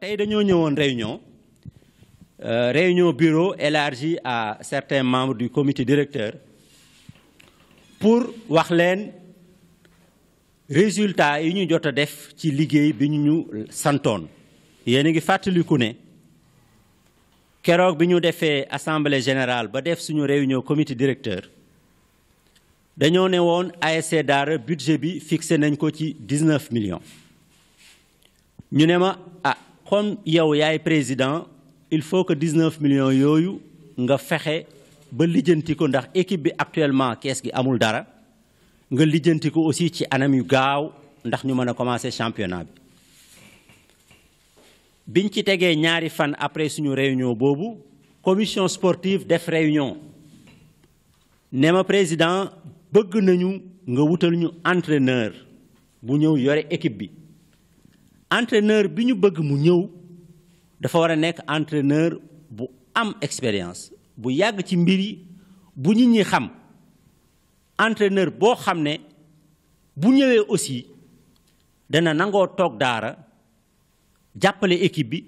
tey dañoo ñëwoon réunion euh, réunion bureau élargie à certains membre du comité directeur pour wax leen résultat yi ñu jot a def ci liggéey bi ñu ñu santoon yéen a ngi fàttaliku ne keroog bi ñu defee assemblée générale ba def suñu réunion comité directeur dañoo ne woon ASC Daara budget bi fixé nañ ko ci 19 millions ñu ne ma ah kon yow yaay président il faut que 19 millions yooyu nga fexe ba lijjanti ko ndax équipe bi actuellement kees gi amul dara nga lijjanti ko aussi ci anam yu gaaw ndax ñu mën a commencer championnat bi. biñ ci tegee ñaari fan après suñu réunion boobu commission sportive def réunion ne ma président bëgg nañu nga wutal ñu entraîneur bu ñëw yore équipe bi. entraîneur bi ñu bëgg mu ñëw dafa war a nekk entraîneur bu am expérience bu yàgg ci mbir yi bu nit ñi xam entreneur boo xam ne bu ñëwee aussi dana nangoo toog daara jàppale équipe bi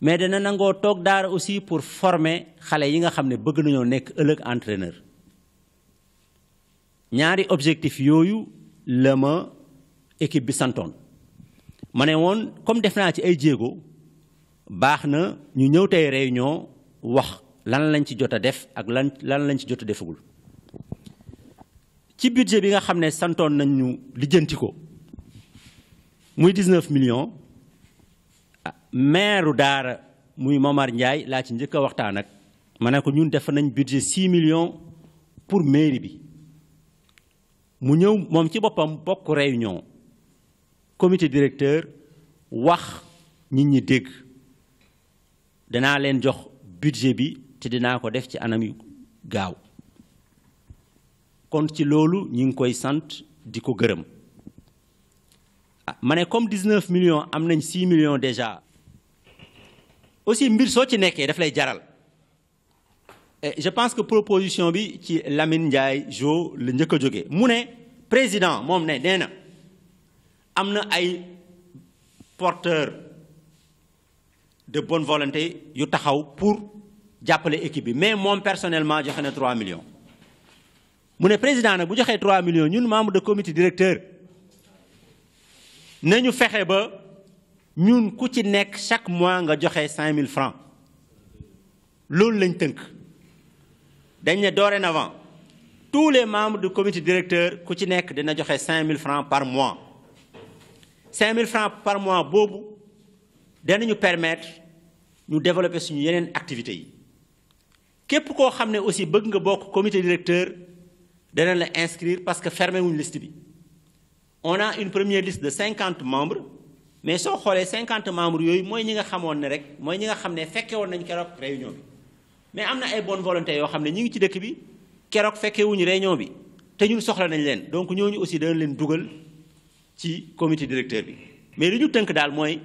mais dana nangoo toog daara aussi pour former xale yi nga xam ne bëgg nañoo nekk ëllëg entraîneur ñaari objectif yooyu la ma équipe bi santoon ma ne woon comme def naa ci ay jéego baax na ñu ñëw tey ñoo wax lan lañ ci jot a def ak lan lan lañ ci jot defagul ci budget bi nga xam ne santoon nañ ñu lijjanti ko muy 19 million ah, maire daara muy mamar Ndiaye laa ci njëkk a waxtaan ak ma ne ko ñun def nañ budget 6 millions pour mairie bi mu ñëw moom ci boppam bokk ñoo commité directeur wax nit ñi dégg danaa leen jox budget bi te dinaa ko def ci anam yu gaaw kon ci loolu ñi ngi koy sant di ko gërëm ah, ma ne comme 19 millions am nañ 6 millions déjà aussi mbir soo ci nekkee daf lay jaral je pense que proposition bi ci Lamine Ndiaye jo la njëkk a jógee mu ne président moom ne nee na am na ay porteur de bonne volonté yu taxaw pour jàppale équipe bi mais moom personnellement joxe na 3 millions. mu ne président nag bu joxee 3 millions ñun membre de comité directeur nañu fexe ba ñun ku ci nekk chaque mois nga joxe cinq mille francs loolu lañ tënk dañ ne dorénavant tous les membres du comité directeur ku ci nekk dina joxe cinq mille francs par mois. 5000 francs par mois boobu danañu permettre ñu développer suñu yeneen activité yi képp koo xam ne aussi bëgg nga bokk commité directeur danañ la inscrire parce que fermé wuñu liste bi on a une première liste de cinquante membre mais soo xoolee cinquante membre yooyu mooy ñi nga xamoon ne rek mooy ñi nga xam ne fekke woon nañ keroog réunion bi mais am na ay bonne volonté yoo xam ne ñi ngi ci dëkk bi keroog fekke wuñu réunion bi te ñun soxla nañ leen donc ñooñu aussi danañ leen dugal ci comité directeur bi mais li ñu tënk daal mooy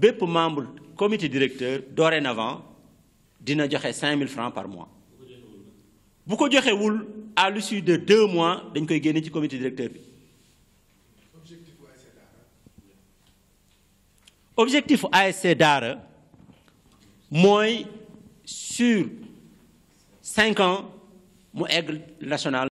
bépp membre comité directeur dorénavant dina joxe cinq mille francs par mois bu ko joxewul à l'issue de deux mois dañ koy génne ci comité directeur bi objectif ASC e e Daara mooy sur cinq ans mu egg national